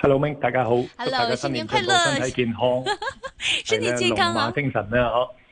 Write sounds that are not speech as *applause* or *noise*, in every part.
Hello、Mike. 大家好。Hello, 祝大家新年快樂，身體健康，身體 *laughs* 健康、啊、龍馬精神、啊。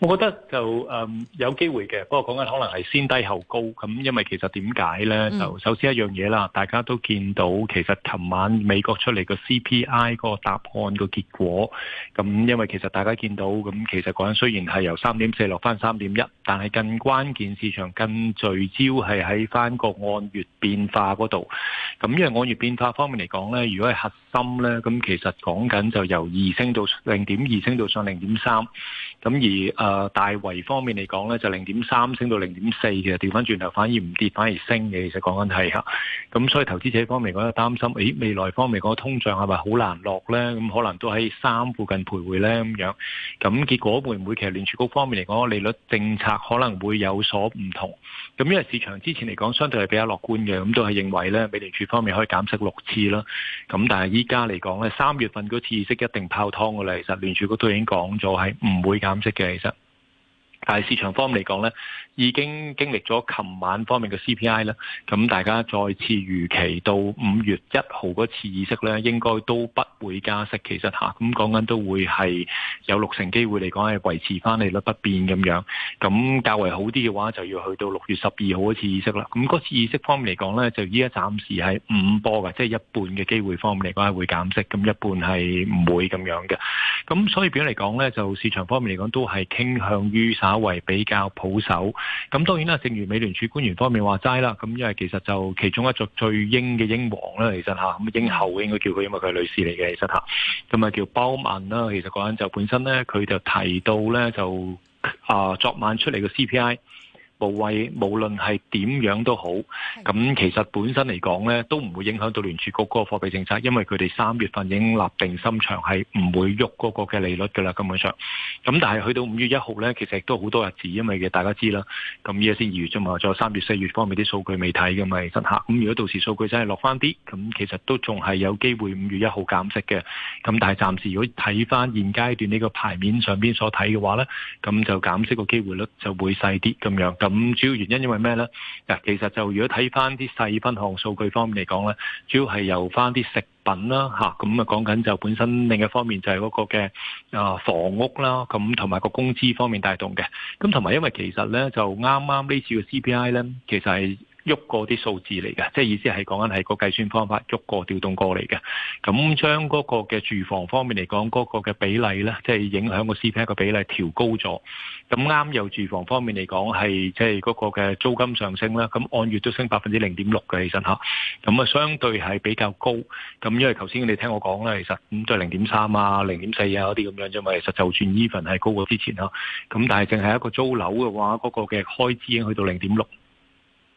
我覺得就誒有機會嘅，不過講緊可能係先低後高咁，因為其實點解呢？嗯、就首先一樣嘢啦，大家都見到其實琴晚美國出嚟個 CPI 個答案個結果，咁因為其實大家見到咁，其實講緊雖然係由三點四落翻三點一，但係更關鍵市場更聚焦係喺翻個按月變化嗰度。咁因為按月變化方面嚟講呢，如果係核心呢，咁其實講緊就由二升到零點二升到上零點三，咁而誒。大圍方面嚟講咧，就零點三升到零點四嘅，調翻轉頭反而唔跌，反而升嘅。其實講緊係嚇，咁所以投資者方面講，又擔心誒未來方面講通脹係咪好難落咧？咁可能都喺三附近徘徊咧咁樣。咁結果會唔會其實聯儲局方面嚟講利率政策可能會有所唔同？咁因為市場之前嚟講相對係比較樂觀嘅，咁都係認為咧美聯儲方面可以減息六次啦。咁但係依家嚟講咧，三月份嗰次息一定泡湯㗎啦。其實聯儲局都已經講咗係唔會減息嘅。其實但係市場方面嚟講呢已經經歷咗琴晚方面嘅 CPI 啦，咁大家再次預期到五月一號嗰次議息呢，應該都不會加息。其實嚇，咁、啊、講緊都會係有六成機會嚟講係維持翻利率不變咁樣。咁較為好啲嘅話，就要去到六月十二號嗰次議息啦。咁嗰次議息方面嚟講呢，就依家暫時係五波嘅，即係一半嘅機會方面嚟講係會減息，咁一半係唔會咁樣嘅。咁所以表嚟講咧，就市場方面嚟講都係傾向於稍為比較保守。咁當然啦，正如美聯儲官員方面話齋啦，咁因為其實就其中一隻最鷹嘅鷹王啦，其實吓，咁鷹后應該叫佢，因為佢係女士嚟嘅，其實吓，咁啊叫鮑曼啦。其實嗰人就本身咧，佢就提到咧就啊、呃、昨晚出嚟嘅 CPI。部位無論係點樣都好，咁其實本身嚟講呢，都唔會影響到聯儲局嗰個貨幣政策，因為佢哋三月份已經立定心腸，係唔會喐嗰個嘅利率噶啦，根本上。咁但係去到五月一號呢，其實都好多日子，因為大家知啦。咁依家先二月啫嘛，仲有三月四月方面啲數據未睇嘅嘛，其實咁如果到時數據真係落翻啲，咁其實都仲係有機會五月一號減息嘅。咁但係暫時如果睇翻現階段呢個牌面上邊所睇嘅話呢，咁就減息個機會率就會細啲咁樣。咁主要原因因為咩呢？嗱，其實就如果睇翻啲細分項數據方面嚟講呢，主要係由翻啲食。品啦吓咁啊講緊就本身另一方面就係嗰個嘅誒、啊、房屋啦，咁同埋個工資方面帶動嘅，咁同埋因為其實咧就啱啱呢次嘅 CPI 咧，其實係。喐過啲數字嚟嘅，即係意思係講緊係個計算方法喐過、動過調動過嚟嘅。咁將嗰個嘅住房方面嚟講，嗰、嗰個嘅比例咧，即、就、係、是、影響個 CPI 個比例調高咗。咁啱又住房方面嚟講，係即係嗰個嘅租金上升啦。咁按月都升百分之零點六嘅起身吓，咁啊，相對係比較高。咁因為頭先你聽我講啦，其實咁都係零點三啊、零點四啊嗰啲咁樣啫嘛。其實就算 Even 係高過之前啦。咁但係淨係一個租樓嘅話，嗰、嗰個嘅開支已經去到零點六。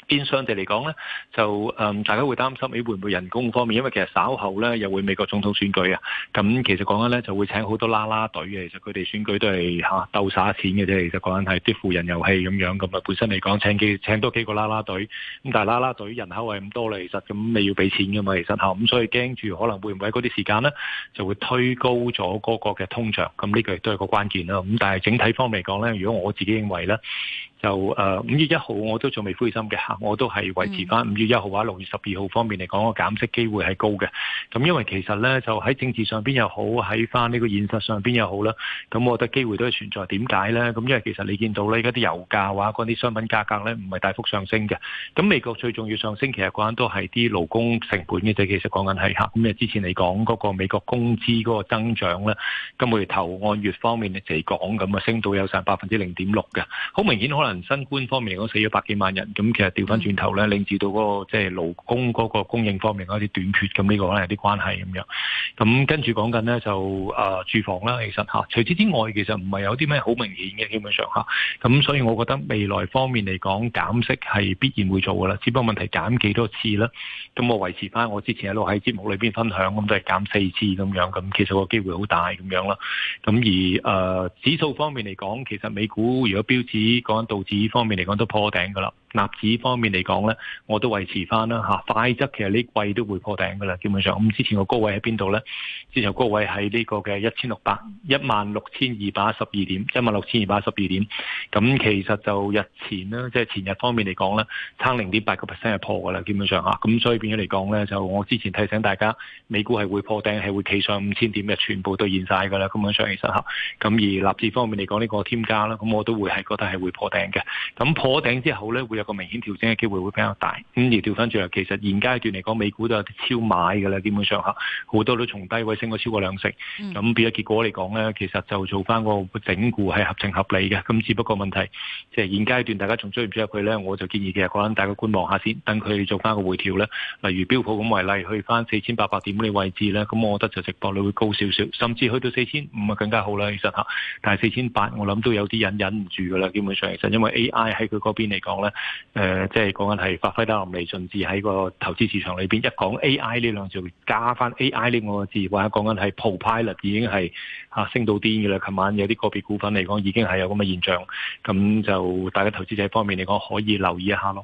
邊相地嚟講咧，就誒、嗯、大家會擔心咦，會唔會人工方面？因為其實稍後咧又會美國總統選舉啊，咁其實講緊咧就會請好多啦啦隊嘅，其實佢哋選舉都係嚇、啊、鬥晒錢嘅啫。其實講緊係啲富人遊戲咁樣咁啊，本身嚟講請幾請多幾個啦啦隊，咁但係啦啦隊人口係咁多咧，其實咁你要俾錢嘅嘛，其實吓，咁所以驚住可能會唔會喺嗰啲時間咧就會推高咗嗰個嘅通脹，咁呢個亦都係個關鍵啦。咁但係整體方面嚟講咧，如果我自己認為咧。就誒五月一號我都仲未灰心嘅吓，我都係維持翻五月一號或者六月十二號方面嚟講，個減息機會係高嘅。咁因為其實咧就喺政治上邊又好，喺翻呢個現實上邊又好啦。咁我覺得機會都係存在。點解咧？咁因為其實你見到咧，而家啲油價話嗰啲商品價格咧唔係大幅上升嘅。咁美國最重要上升其實講緊都係啲勞工成本嘅啫。其實講緊係吓，咁啊之前你講嗰個美國工資嗰個增長咧，今個月頭按月方面嚟就係講，咁啊升到有成百分之零點六嘅，好明顯可能。新官方面，嗰死咗百幾萬人，咁其實調翻轉頭咧，令至到嗰個即係勞工嗰個供應方面有啲短缺，咁呢個可能有啲關係咁樣。咁跟住講緊咧就誒、是呃，住房啦，其實吓除此之外，其實唔係有啲咩好明顯嘅，基本上吓。咁所以我覺得未來方面嚟講，減息係必然會做噶啦，只不過問題減幾多次啦。咁我維持翻我之前喺度喺節目裏邊分享咁，都係減四次咁樣。咁其實個機會好大咁樣啦。咁而誒、呃、指數方面嚟講，其實美股如果標指講到，納指方面嚟講，都破頂噶啦。納指方面嚟講咧，我都維持翻啦嚇。快則其實呢季都會破頂噶啦，基本上咁之前個高位喺邊度咧？之前高位喺呢個嘅一千六百一萬六千二百十二點，一萬六千二百十二點。咁、嗯、其實就日前啦，即係前日方面嚟講咧，差零點八個 percent 係破噶啦，基本上啊，咁、嗯、所以變咗嚟講咧，就我之前提醒大家，美股係會破頂，係會企上五千點嘅，全部兌現晒噶啦，根本上其失效。咁、嗯、而納指方面嚟講呢個添加啦，咁、嗯、我都會係覺得係會破頂嘅。咁、嗯、破頂之後咧，會有個明顯調整嘅機會會比較大，咁、嗯、而調翻轉嚟，其實現階段嚟講，美股都有啲超買㗎喇，基本上吓，好多都從低位升過超過兩成。咁變咗結果嚟講咧，其實就做翻個整固係合情合理嘅。咁只不過問題，即係現階段大家仲追唔追得入去咧？我就建議其實可能，大家觀望下先，等佢做翻個回調咧。例如標普咁為例，去翻四千八百點呢位置咧，咁我覺得就值博率會高少少，甚至去到四千五啊更加好啦。其實吓，但係四千八我諗都有啲忍忍唔住噶啦，基本上其實因為 A I 喺佢嗰邊嚟講咧。誒、呃，即係講緊係發揮得淋漓盡致喺個投資市場裏邊。一講 AI 呢兩字，加翻 AI 呢兩個字，或者講緊係 Copilot 已經係嚇升到癲嘅啦。琴晚有啲個別股份嚟講，已經係有咁嘅現象，咁就大家投資者方面嚟講，可以留意一下咯。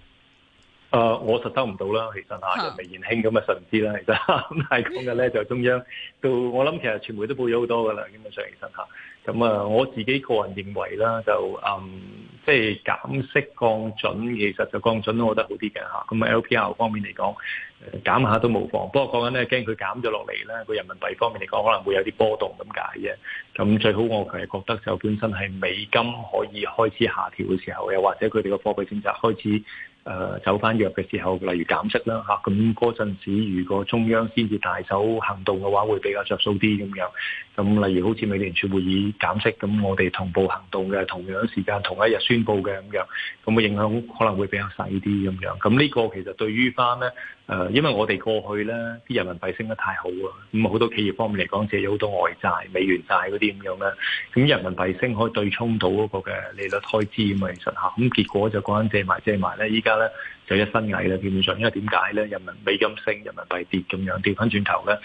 誒、呃，我實收唔到啦，其實嚇，人微言輕咁嘅，實唔知啦，其實咁係講嘅咧，就係、中央到我諗，其實傳媒都報咗好多㗎啦，基本上其實嚇，咁、嗯、啊，我自己個人認為啦，就嗯，即係減息降準，其實就降準，我覺得好啲嘅咁啊，L P R 方面嚟講，呃、減下都無妨。不過講緊咧，驚佢減咗落嚟咧，個人民幣方面嚟講，可能會有啲波動咁解嘅。咁最好我其實覺得就本身係美金可以開始下調嘅時候，又或者佢哋嘅貨幣政策開始。誒、呃、走翻弱嘅時候，例如減息啦嚇，咁嗰陣時如果中央先至大手行動嘅話，會比較着數啲咁樣。咁例如好似美聯儲會議減息，咁我哋同步行動嘅，同樣時間同一日宣佈嘅咁樣，咁嘅影響可能會比較細啲咁樣。咁呢個其實對於翻咧。誒、呃，因為我哋過去咧，啲人民幣升得太好啊，咁好多企業方面嚟講，借咗好多外債、美元債嗰啲咁樣咧，咁人民幣升可以對沖到嗰個嘅利率開支咁其時候，咁結果就講緊借埋借埋咧，依家咧，現在呢就一身危啦，基本上，因為點解咧？人民美金升，人民幣跌咁樣跌翻轉頭咧。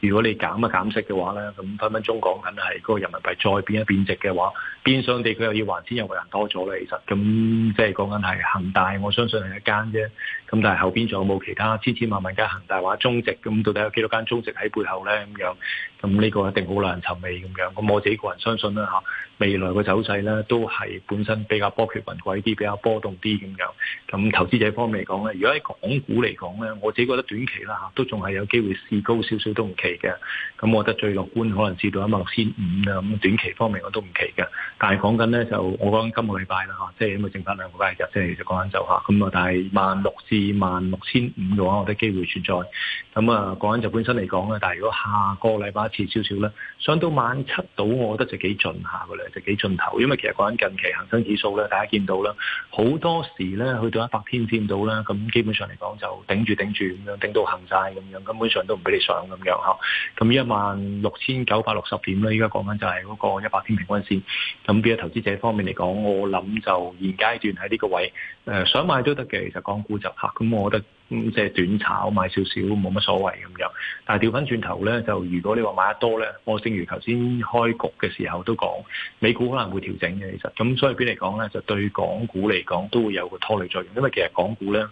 如果你減啊減息嘅話咧，咁分分鐘講緊係嗰個人民幣再變一變值嘅話，變相地佢又要還錢，又個人多咗啦。其實咁即係講緊係恒大，我相信係一間啫。咁但係後邊仲有冇其他千千萬萬間恒大或中植？咁到底有幾多間中植喺背後咧？咁樣咁呢個一定好難尋味咁樣。咁我自己個人相信啦嚇、啊，未來個走勢咧都係本身比較波譎雲詭啲，比較波動啲咁樣。咁投資者方面咧，如果喺港股嚟講咧，我自己覺得短期啦嚇都仲係有機會試高少少都唔奇嘅。咁我覺得最樂觀可能試到一萬六千五啦。咁短期方面我都唔奇嘅。但係講緊咧就我講今個禮拜啦嚇，即係咁嘅剩翻兩個禮拜，段，即係講緊就嚇咁啊。但係萬六至萬六千五嘅話，我覺得機會存在。咁啊，講緊就本身嚟講咧，但係如果下個禮拜一次少少咧，上到萬七到，我覺得就幾盡下嘅咧，就幾盡頭。因為其實講緊近期恒生指數咧，大家見到啦，好多時咧去到一百天線先到啦，咁基本上嚟講就頂住頂住咁樣，頂到行晒咁樣，根本上都唔俾你上咁樣嗬。咁一萬六千九百六十點咧，依家講緊就係嗰個一百天平均線。咁變咗投資者方面嚟講，我諗就現階段喺呢個位，誒、呃、想買都可以其實得嘅，講估值就吓，咁我覺得。咁即係短炒，買少少冇乜所謂咁樣。但係調翻轉頭呢，就如果你話買得多呢，我正如頭先開局嘅時候都講，美股可能會調整嘅，其實咁所以邊嚟講呢，就對港股嚟講都會有個拖累作用，因為其實港股呢。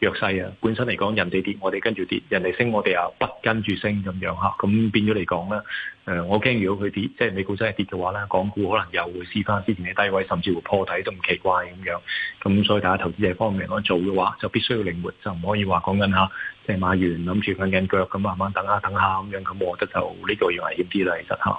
弱勢啊，本身嚟講，人哋跌我哋跟住跌，人哋升我哋又不跟住升咁樣嚇，咁變咗嚟講咧，誒、呃，我驚如果佢跌，即係美股真係跌嘅話咧，港股可能又會試翻之前嘅低位，甚至乎破底都唔奇怪咁樣，咁所以大家投資者方面如果做嘅話，就必須要靈活，就唔可以話講緊下，即、就、係、是、買完諗住瞓緊腳咁慢慢等下等下咁樣，咁我覺得就呢、這個要危險啲啦，其實嚇。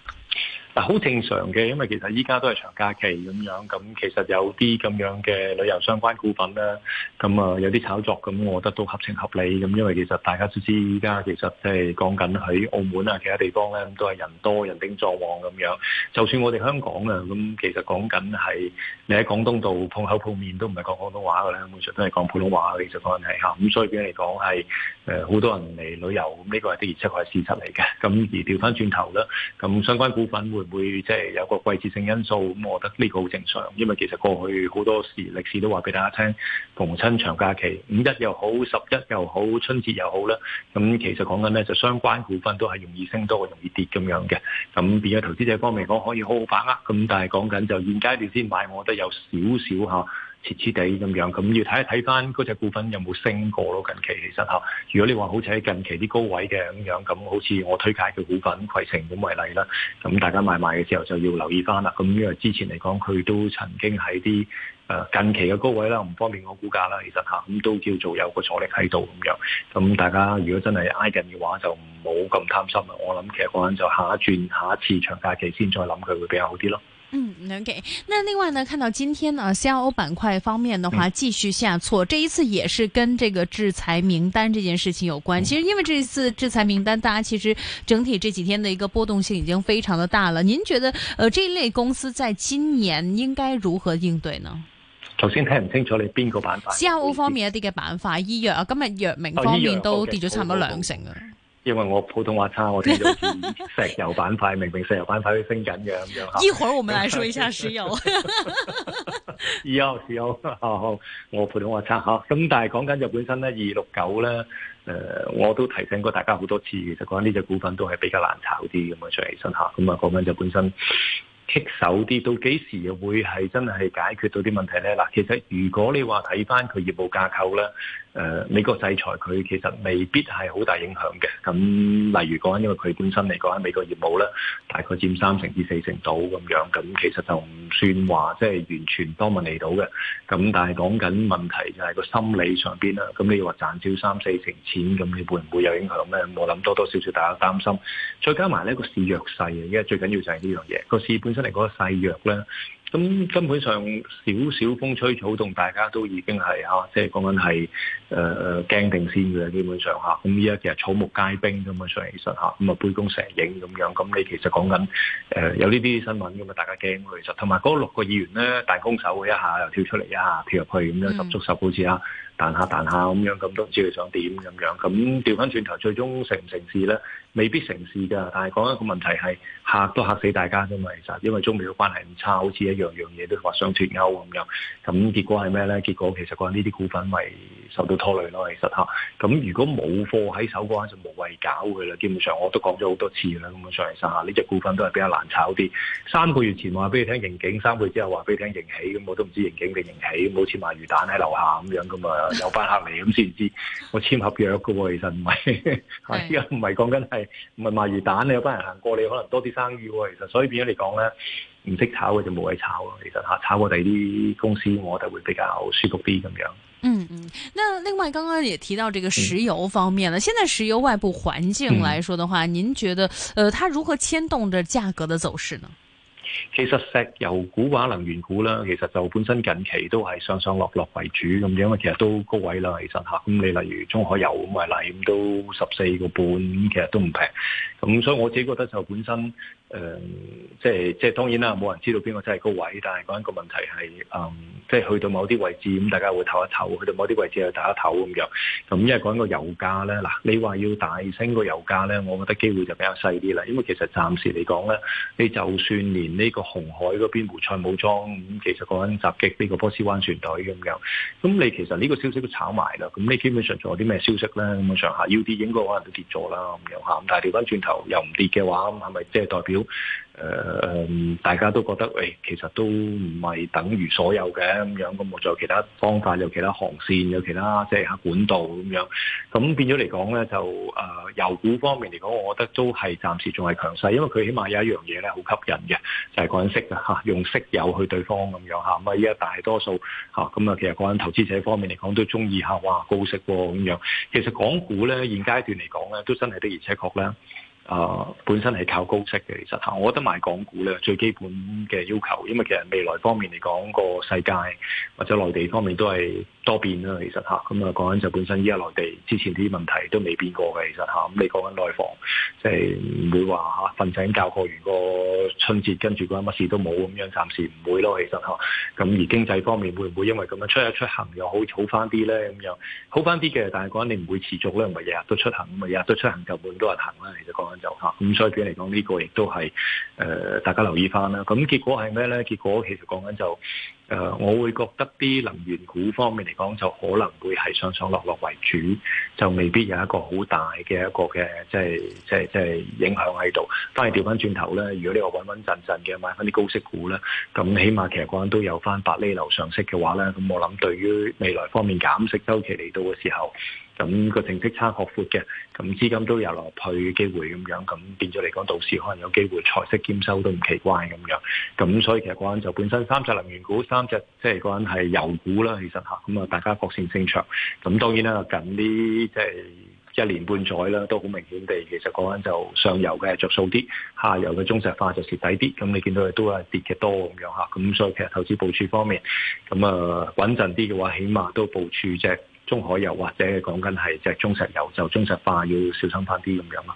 好正常嘅，因為其實依家都係長假期咁樣，咁其實有啲咁樣嘅旅遊相關股份啦，咁啊有啲炒作咁，我覺得都合情合理咁。因為其實大家都知，依家其實即係講緊喺澳門啊，其他地方咧都係人多人丁壯旺咁樣。就算我哋香港啊，咁其實講緊係你喺廣東度碰口碰面都唔係講廣東話㗎啦，基本上都係講普通話嘅，其實講緊係吓，咁所以俾你嚟講係呃、好多人嚟旅遊，咁呢個係的而且確係事實嚟嘅。咁而調翻轉頭啦，咁相關股份會？會即係有個季節性因素，咁我覺得呢個好正常，因為其實過去好多時歷史都話俾大家聽，逢親長假期，五一又好，十一又好，春節又好啦，咁其實講緊呢，就相關股份都係容易升多過容易跌咁樣嘅，咁變咗投資者方面講可以好好把握，咁但係講緊就現階段先買，我覺得有少少嚇。切切地咁樣，咁要睇一睇翻嗰隻股份有冇升過咯？近期其實嚇，如果你話好似喺近期啲高位嘅咁樣，咁好似我推介嘅股份，攜程咁為例啦，咁大家買賣嘅時候就要留意翻啦。咁因為之前嚟講，佢都曾經喺啲、呃、近期嘅高位啦，唔方便我估價啦。其實吓，咁、啊、都叫做有個阻力喺度咁樣。咁大家如果真係挨近嘅話，就唔好咁貪心啊！我諗其實嗰陣就下一轉，下一次長假期先再諗佢，會比較好啲咯。嗯，OK。那另外呢，看到今天呢、啊、CRO 板塊方面的話繼、嗯、續下挫，這一次也是跟這個制裁名單這件事情有關。嗯、其實因為這一次制裁名單，大家其實整體這幾天的一個波動性已經非常的大了。您覺得呃，這一類公司在今年應該如何應對呢？頭先聽唔清楚你邊個板塊？CRO 方面一啲嘅板塊，醫藥啊，今日藥明方面、哦、都跌咗差唔多兩成啊。Okay. 因為我普通話差，我哋到似石油板塊，明明石油板塊都升緊嘅咁樣。 *laughs* 一會兒我哋嚟說一下石油。石油，石油，我普通話差吓。咁但係講緊就本身咧，二六九咧，誒，我都提醒過大家好多次，其實講呢隻股份都係比較難炒啲咁樣上起身吓。咁啊講緊就本身。棘手啲，到幾時又會係真係解決到啲問題呢？嗱，其實如果你話睇翻佢業務架構呢，誒，美國制裁佢其實未必係好大影響嘅。咁例如講，因為佢本身嚟講喺美國業務呢，大概佔三成至四成度咁樣，咁其實就唔算話即係完全多問題到嘅。咁但係講緊問題就係個心理上邊啦。咁你話賺少三四成錢，咁你會唔會有影響呢？我諗多多少少大家擔心，再加埋呢個市弱勢嘅，因為最緊要就係呢樣嘢個市本身。嚟嗰個細弱咧，咁根本上少少風吹草動，大家都已經係、啊、即係講緊係誒誒驚定先嘅。基本上嚇，咁依家其實草木皆兵咁樣上嚟，實嚇咁啊杯弓蛇影咁樣。咁你其實講緊、呃、有呢啲新聞咁啊，大家驚其實。同埋嗰六個議員咧，彈弓手一下又跳出嚟，一下跳入去咁樣十足十足，好似啊彈下彈下咁樣，咁都唔知佢想點咁樣。咁掉翻轉頭，最終成唔成事咧？未必成事㗎，但係講一個問題係嚇都嚇死大家啫嘛，其實因為中美嘅關係唔差，好似一樣樣嘢都話想脫鈎咁樣，咁結果係咩咧？結果其實講呢啲股份咪受到拖累咯，其實嚇。咁如果冇貨喺手嘅話，就無謂搞佢啦。基本上我都講咗好多次啦，咁上上下下呢隻股份都係比較難炒啲。三個月前話俾你聽盈警，三個月之後話俾你聽盈喜，咁我都唔知盈警定盈喜，好似賣魚蛋喺樓下咁樣咁啊，有班客嚟咁先知。我簽合約嘅喎，其實唔係，係啊的，唔係講緊係。唔係賣魚蛋，你有班人行過你，可能多啲生意。其實所以變咗你講咧，唔識炒嘅就冇位炒咯。其實吓炒我哋啲公司，我就會比較舒服啲咁樣。嗯嗯，那另外剛剛也提到這個石油方面呢，現在石油外部環境來說的話，您覺得，呃，它如何牽動着價格的走勢呢？其實石油股、或能源股啦，其實就本身近期都係上上落落為主咁樣，因為其實都高位啦，其實吓咁你例如中海油咁啊，納嚟咁都十四個半，其實都唔平，咁所以我自己覺得就本身。誒、嗯，即係即係當然啦，冇人知道邊個真係高位，但係講緊個問題係，嗯，即係去到某啲位置，咁大家會唞一唞，去到某啲位置又打一唞咁樣。咁因為講緊個油價咧，嗱，你話要大升個油價咧，我覺得機會就比較細啲啦。因為其實暫時嚟講咧，你就算連呢個紅海嗰邊胡賽武裝，咁其實講緊襲擊呢個波斯灣船隊咁樣，咁你其實呢個消息都炒埋啦。咁你基本上仲有啲咩消息咧咁上下？要跌應該可能都跌咗啦咁樣，咁，但係調翻轉頭又唔跌嘅話，咁係咪即係代表？誒、呃、大家都覺得誒、欸，其實都唔係等於所有嘅咁樣，咁我仲有其他方法，有其他航線，有其他即係、就是、管道咁樣，咁變咗嚟講呢，就誒，油、呃、股方面嚟講，我覺得都係暫時仲係強勢，因為佢起碼有一樣嘢呢，好吸引嘅，就係、是、港息啊吓，用息油去對方咁樣吓，咁啊依家大多數吓，咁啊其實講緊投資者方面嚟講，都中意下哇高息噃、啊、咁樣，其實港股呢，現階段嚟講呢，都真係的而且確呢。啊、呃，本身係靠高息嘅，其實我覺得買港股咧最基本嘅要求，因為其實未來方面嚟講，個世界或者內地方面都係。多變啦，其實嚇，咁啊講緊就本身依家內地之前啲問題都未變過嘅，其實嚇，咁你講緊內房，即係唔會話嚇瞓醒覺過完個春節，跟住講乜事都冇咁樣，暫時唔會咯，其實嚇，咁而經濟方面會唔會因為咁樣出一出行又好呢好翻啲咧？咁樣好翻啲嘅，但係講緊你唔會持續咧，唔係日日都出行，咁日日都出行就半多人行啦，其實講緊就嚇、是，咁所以嚟講呢個亦都係誒大家留意翻啦。咁結果係咩咧？結果其實講緊就是。呃，我會覺得啲能源股方面嚟講，就可能會係上上落落為主，就未必有一個好大嘅一個嘅即係即係即係影響喺度。反而調翻轉頭咧，如果呢個穩穩陣陣嘅買翻啲高息股咧，咁起碼其實講都有翻百厘樓上息嘅話咧，咁我諗對於未來方面減息周期嚟到嘅時候。咁個淨息差擴闊嘅，咁資金都有落去嘅機會咁樣，咁變咗嚟講，到時可能有機會財息兼收都唔奇怪咁樣。咁所以其實嗰陣就本身三隻能源股，三隻即係嗰陣係油股啦，其實吓，咁啊大家各擅勝場。咁當然啦，近啲即係一年半載啦，都好明顯地，其實嗰陣就上游嘅着數啲，下游嘅中石化就蝕底啲。咁你見到佢都係跌嘅多咁樣。咁所以其實投資部署方面，咁啊穩陣啲嘅話，起碼都部署隻。中海油或者講緊係即係中石油，就中石化要小心返啲咁樣啦。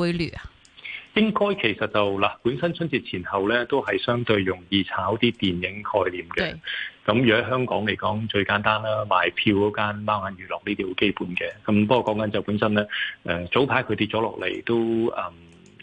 匯率應該其實就嗱，本身春節前後咧都係相對容易炒啲電影概念嘅。咁對如果香港嚟講最簡單啦，賣票嗰間貓眼娛樂呢啲好基本嘅。咁不過講緊就本身咧，誒早排佢跌咗落嚟都嗯，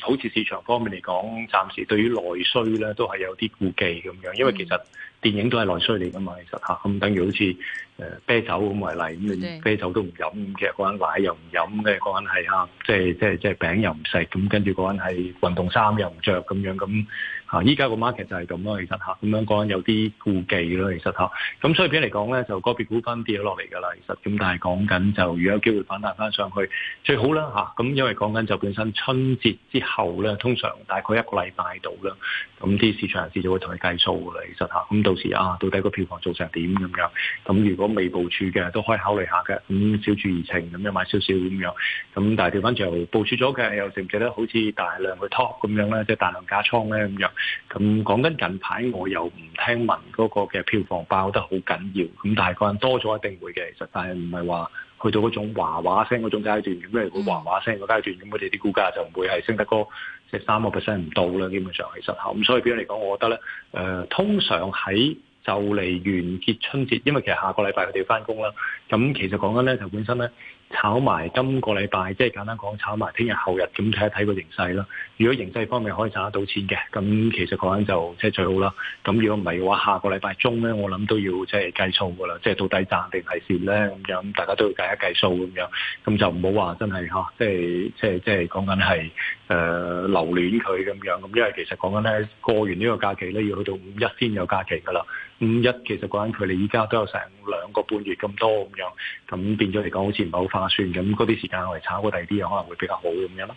好似市場方面嚟講，暫時對於內需咧都係有啲顧忌咁樣，因為其實電影都係內需嚟噶嘛，其實吓咁，啊，等於好似。誒、呃、啤酒咁為例，咁啊啤酒都唔飲，咁其實個人奶又唔飲嘅，個人係啊，即係即係即係餅又唔食，咁跟住個人係運動衫又唔着。咁樣咁嚇，依家個 market 就係咁咯，其實嚇咁樣個人有啲顧忌咯，其實嚇咁、啊、所以嚟講咧，就個別股份跌咗落嚟㗎啦，其實咁但係講緊就如果有機會反彈翻上去最好啦嚇，咁、啊、因為講緊就本身春節之後咧，通常大概一個禮拜度啦，咁啲市場人士就會同你計數㗎啦，其實嚇咁、啊、到時啊到底個票房做成點咁樣，咁如果未部署嘅都可以考慮下嘅，咁、嗯、小注怡情咁又買少少咁樣，咁但係調返轉部署咗嘅，又記唔記得好似大量去 top 咁樣咧，即係大量加倉咧咁樣。咁講緊近排我又唔聽聞嗰個嘅票房爆得好緊要，咁但係個人多咗一定會嘅，其實但係唔係話去到嗰種嘩嘩聲嗰種階段，咁因為佢嘩嘩聲個階段，咁我哋啲股價就唔會係升得個即係三個 percent 唔到啦，基本上係實效。咁所以表上嚟講，我覺得咧，誒、呃、通常喺就嚟完結春節，因為其實下個禮拜佢哋要翻工啦。咁其實講緊咧，就本身咧炒埋今個禮拜，即係簡單講炒埋聽日後日，咁睇一睇個形勢啦。如果形勢方面可以賺得到錢嘅，咁其實講緊就即係最好啦。咁如果唔係嘅話，下個禮拜中咧，我諗都要即係計數噶啦，即係到底賺定係蝕咧咁樣，大家都要計一計數咁樣。咁就唔好話真係、啊、即係即係即係講緊係誒留戀佢咁樣。咁因為其實講緊咧過完呢個假期咧，要去到五一先有假期噶啦。五一其實講緊佢離依家都有成兩個半月咁多咁樣，咁變咗嚟講好似唔係好劃算咁，嗰啲時間我哋炒過第二啲嘢可能會比較好咁樣啦。